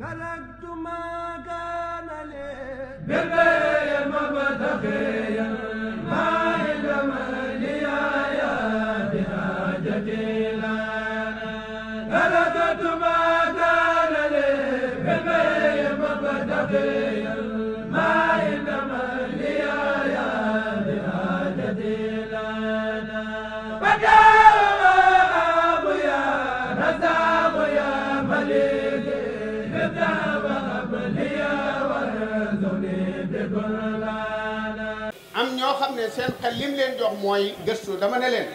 تركت ما كان لي بغير مبتغيا ما علم لي يا بحاجتي لنا تركت ما كان لي بغير مبتغيا ما علم لي يا بحاجتي لنا فجاء أبويا رزاق يا مليك am ñoo xam ne seen xel lim leen jox mooy gëstu dama ne leen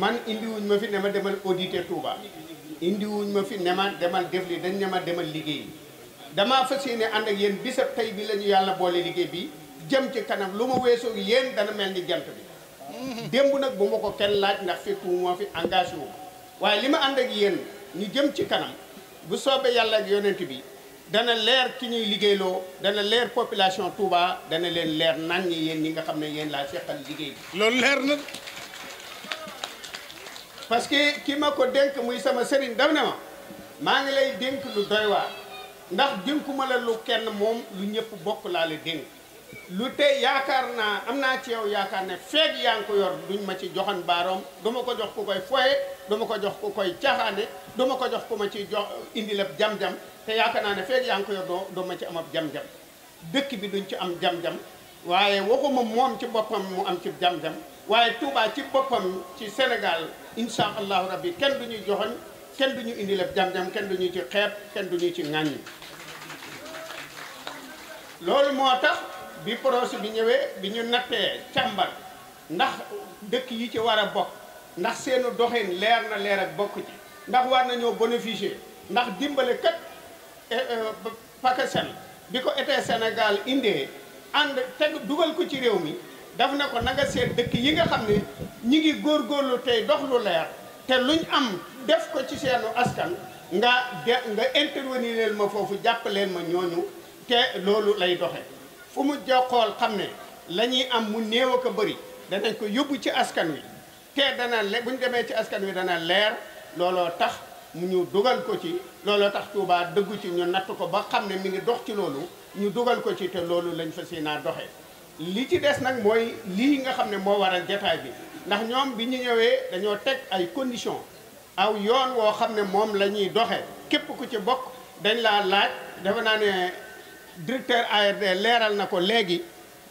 man indiwuñ ma fi ne ma demal auditer Touba indiwuñ ma fi ne ma demal def li dañ ne ma demal liggéey damaa fas yéene ànd ak yéen bisab tey bi la ñu yàlla boole liggéey bi jëm ci kanam lu ma weesoo yéen dana mel ni jant bi démb nag bu ma ko kenn laaj ndax fekkuwu moo fi engagé wu waaye li ma ànd ak yéen ñu jëm ci kanam bu soobee yàlla ak yonent bi dana leer ki ñuy liggéeyloo dana leer population Touba dana leen leer nañ ñi yéen ñi nga xam ne yéen laa seqal liggéey bi. loolu leer na. parce que ki ma ko dénk muy sama sëriñ daf ne ma maa ngi lay dénk lu doy waar ndax dénkuma la lu kenn moom lu ñëpp bokk laa la dénk. lu te yaakaar naa am naa ci yaakaar ne feet yaa yor duñ ma ci joxan baaroom duma ko jox ku koy foye duma ko jox ku koy caaxaane duma ko jox ku ma ci jox indi la jam-jam te yaakaar naa ne feeg yaa doo doo ma ci am jam-jam dëkk bi duñ ci am jam-jam waaye waxuma moom ci boppam mu am ci jam-jam waaye Touba ci boppam ci Sénégal insha allahu rabbi kenn du ñuy joxoñ kenn du ñu indi jam-jam kenn du ñu ci xeeb kenn du ñu ci ŋàññi loolu moo bi projet bi ñëwee bi ñu nattee càmbar ndax dëkk yi ci war a bokk ndax seenu doxin leer na leer ak bokk ci ndax war nañoo bénéficier ndax dimbale kat eh, eh, pakasel bi ko etee senegal indee ànd teg dugal ko ci réew mi daf na ko na nga seet dëkk yi nga xam ne ñi ngi góor góorlu tey dox lu leer te luñ am def ko ci seenu askan nga de nga intervenir leen ma foofu jàpp leen ma ñooñu te loolu lay doxe fu mu joxool xam ne la ñuy am mu néew ak a bëri danañ ko yóbbu ci askan wi te dana le bu ñu demee ci askan wi dana leer looloo tax mu ñu dugal ko ci looloo tax Touba dëggu ci ñu natt ko ba xam ne mi ngi dox ci loolu ñu dugal ko ci te loolu lañ fas yéenaa doxee li ci des nag mooy lii nga xam ne moo waral jataay bi ndax ñoom bi ñu ñëwee dañoo teg ay conditions aw yoon woo xam ne moom la ñuy doxee képp ku ci bokk dañ laa laaj defe naa ne directeur ARD leeral na ko léegi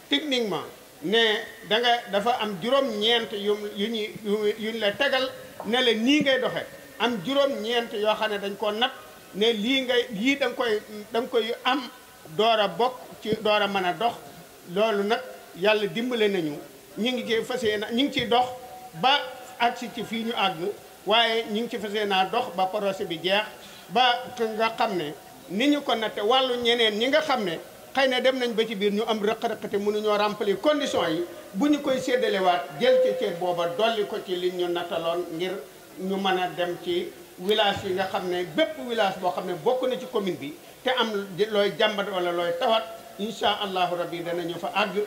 techniquement ne da nga dafa am juróom-ñeent yu yu ñu yu ñu la tegal ne la nii ngay doxee am juróom-ñeent yoo xam ne dañ ko nat ne lii ngay lii da nga koy da nga koy am door a bokk ci door a mën a dox loolu nag yàlla dimbale nañu ñu ngi ci fas yéene ñu ngi ciy dox ba agsi ci fii ñu àgg waaye ñu ngi ci fas yéene naa dox ba procès bi jeex ba nga xam ne ni ñu ko natte wàllu ñeneen ñi nga xam ne xëy ne dem nañ ba ci biir ñu am rëq-rëq te mënuñoo remplir condition yi bu ñu koy séddalewaat jël ci cër booba dolli ko ci li ñu nattaloon ngir ñu mën a dem ci village yi nga xam ne bépp village boo xam ne bokk na ci commune bi te am looy jàmbat wala looy tawat incha allahu rabbi danañu fa àgg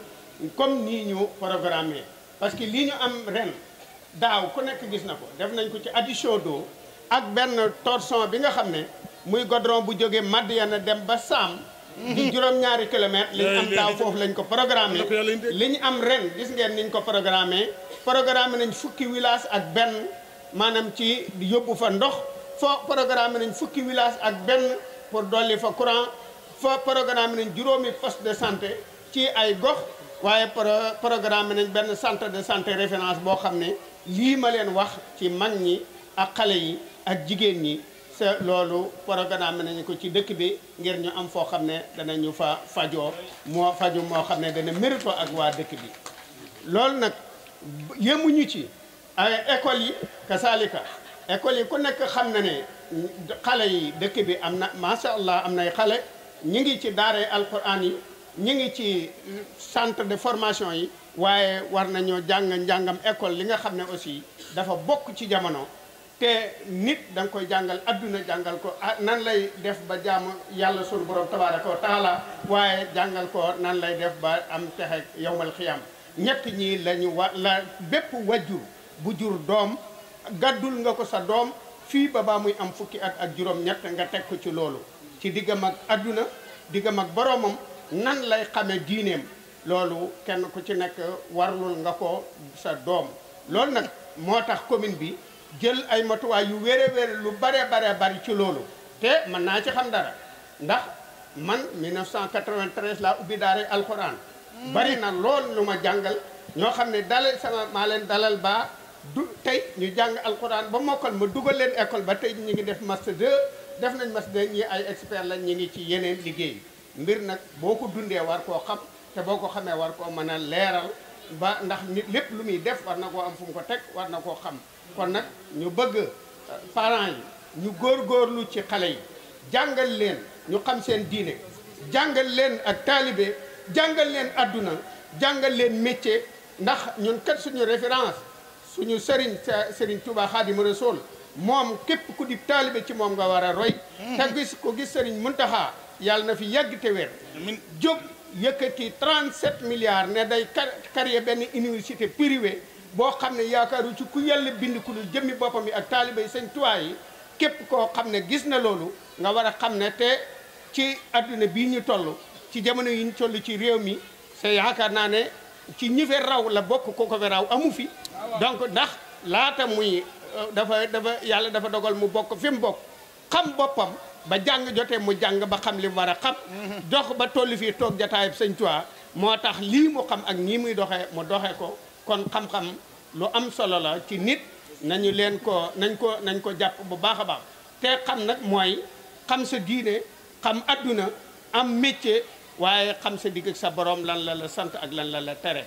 comme nii ñu programmé parce que lii ñu am ren daaw ku nekk gis na ko def nañ ko ci addition d'eau ak benn torsion bi nga xam ne muy godron bu jógee Madiyana dem ba Saam. Mhm. di juróom-ñaari kilomètre li ñu am daaw eh, foofu lañ ko programmé li ñu am ren bisngeen ngeen niñ ko programmé programmé nañ fukki village ak benn maanaam ci yóbbu fa ndox fa programmé nañ fukki village ak benn pour dolli fa courant fa programme nañ juróomi poste de santé ci ay gox waaye programme nañ benn centre de santé référence boo xam ne lii ma leen wax ci mag ñi ak xale yi ak jigéen ñi sa loolu programme nañu ko ci dëkk bi ngir ñu am foo xam ne danañu fa fajoo moo faju moo xam ne dana mérito ak waa dëkk bi loolu nag yemuñu ci ay yi kasaalika école yi ku nekk xam na ne xale yi dëkk bi am na macha allah am nay xale ñi ngi ci daaray alquran yi ñi ngi ci centre de formation yi waaye war nañoo jàng njàngam école li nga xam ne aussi dafa bokk ci jamono te nit danga koy jàngal adduna jàngal ko ah, nan lay def ba jaamu yàlla sunu borom tabaaraka wa taala waaye jàngal ko nan lay def ba am texe yowmal xiyam ñett ñii la ñu wa la bépp wajjur bu jur doom gàddul nga ko sa doom fii ba baa muy am fukki at ak juróom-ñett nga teg ko ci loolu ci diggam ak adduna diggam ak boroomam nan lay xame diineem loolu kenn ku ci nekk warlul nga ko sa doom loolu nag moo tax commune bi jël ay matuwaay yu wére wére lu bare bare bari ci loolu te mën naa ci xam dara ndax man 1993 laa ubbi daara alxuraan mm. bari na lool lu ma jàngal ñoo xam ne dalal sama maa leen dalal baa du tey ñu jàng alxuraan ba mokkal ma dugal leen école ba tey ñi ngi def master 2 def nañ master 2 ñi ay expert lañ ñu ngi ci yeneen liggéey mbir nag boo ko dundee war koo xam te boo ko xamee war koo mën a leeral ba ndax nit lépp lu muy def war na koo am fu mu ko teg war na koo xam kon nag ñu bëgg euh, parents yi ñu góor góorgóorlu ci xale yi jàngal leen ñu xam seen diine jàngal leen ak taalibe jàngal leen adduna jàngal leen métier ndax ñun kat suñu référence suñu Serigne Serigne Touba Xaadimu Rasuul moom képp ku di taalibe ci moom nga war a roy te gis ku gis Serigne Muntaxa yàlla na fi yàgg te wér jóg yëkkati 37 milliards ne day créer benn université privée boo xam ne yaakaaru ci ku yàlla bind ku dul jëmmi boppam yi ak taaliba yi sëñ Tuubaa yi képp koo xam ne gis na loolu nga war a xam ne te ci adduna bii ñu toll ci jamono yi ñu toll ci réew mi c'est yaakaar naa ne ci ñi fi raw la bokk ko ko fi raw amu fi donc ndax laata muy euh, dafa dafa yàlla dafa dogal mu bokk fi mu bokk xam boppam ba jàng jotee mu jàng ba xam li mu war a xam jox mm-hmm. ba toll fii toog jataayab sëñ Tuubaa moo tax lii mu xam ak ñii muy doxee mu doxee ko kon xam-xam lu am solo la ci nit nañu leen ko nañ ko nañ ko jàpp bu baax a baax te xam nag mooy xam sa diine xam adduna am métier waaye xam sa digg ak sa borom lan la la sant ak lan la la tere